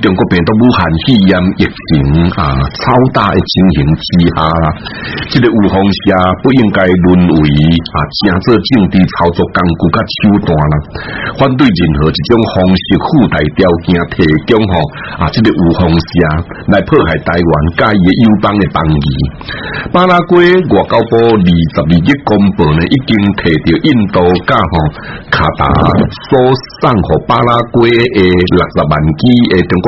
中國病毒武漢肺炎疫情啊，超大嘅情形之下啦，呢啲烏龍蝦不應該淪為啊，爭做政治操作工具嘅手段啦。反對任何一種方式附帶條件提供嗬，啊，呢、這個有龍蝦來迫害台灣介嘅友邦嘅邦誼。巴拉圭外交部二十二日公布呢，已經提到印度加洪、啊、卡達、嗯嗯、所送和巴拉圭嘅六十萬支誒，中國。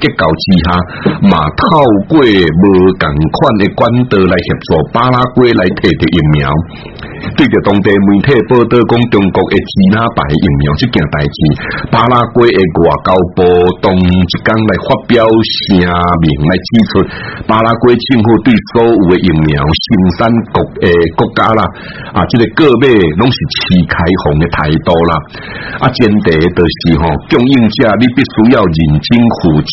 結構之下，嘛透過無同款的管道來協助巴拉圭來提啲疫苗。對住當地媒體報道，講中國嘅其他牌疫苗這件代誌，巴拉圭嘅外交部同一工來發表聲明來指出，巴拉圭政府對所有嘅疫苗生產國嘅國家啦，這個，啊，即個各位攏是持開放嘅態度啦。啊，前提的就是吼供應者，你必須要認真負責。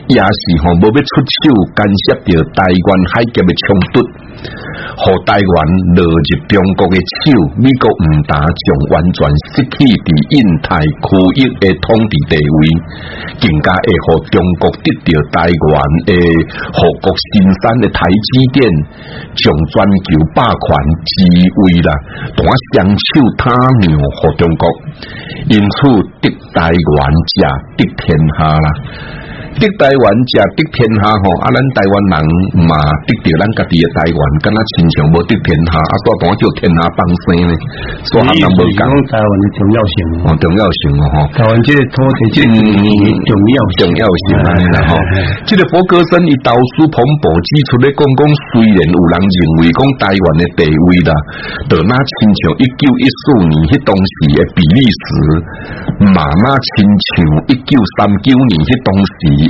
也是無、哦、要出手干涉着台灣海峽嘅衝突，讓台灣落入中國嘅手，美國毋但將完全失去佇印太區域嘅統治地位，更加會讓中國得到台灣誒，護國神山嘅台積電，將全球霸權之位啦，打響手他娘，和中國，因此得台灣，者得天下啦。得台灣即得天下吼，阿、啊、咱台灣人嘛，得着咱家己的台灣，敢若親像無得天下，煞多當叫天下放生咧，所以講台灣的重要性，哦重要性哦，台灣即係拖起經濟重要重要性啦嗬，即係、哎啊啊啊啊啊這個、佛歌生以道書彭博指出咧講講，雖然有人認為講台灣嘅地位啦，到那親像一九一四年嘅當時嘅比利時，媽媽親像一九三九年嘅當時。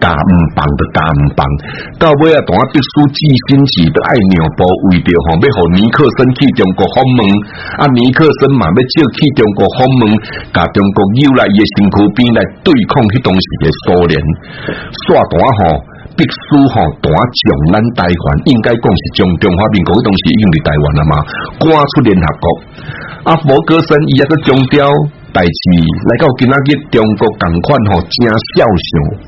打唔幫都打唔幫，到尾，啊，台灣必須自新起，都愛兩波為着吼，要和尼克森去中國訪問。啊，尼克森嘛，要借去中國訪問，甲中國又來也身軀邊來對抗迄當時的蘇聯。刷短吼，必須吼短將咱台灣應該講是將中華民國迄當時已經佇台灣了嘛趕出聯合國。啊，毛戈森伊抑閣強調，但是來到今仔日中國共款吼，正囂張。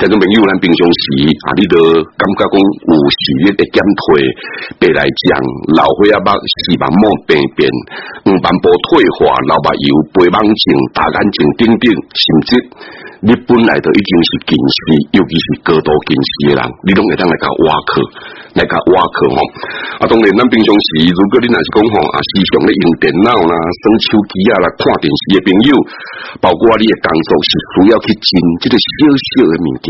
在咁朋友，咱平常時啊呢度感覺講，有住一啲減退、白內障、老花啊、乜、視網膜病變、唔斑駁退化、老白有白網狀、大眼睛、等等，甚至你本來都已經是近視，尤其是高度近視的人，你都會當來搞挖客，嚟搞挖客哦。啊，當然，咱平常時，如，你如果你若是講，啊，時常你用電腦啦、玩手機啊、睇電視的朋友，包括你的工作，是需要去近，即、即個小小的物件。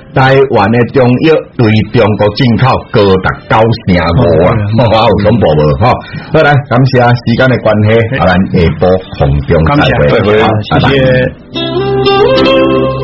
台灣的中藥對中國進口高達九成五啊，冇、哦、話有咁多、喔、好，好好啦，感謝時間的關係，阿蘭一波紅中再會，好，謝謝。拜拜，謝謝，拜拜。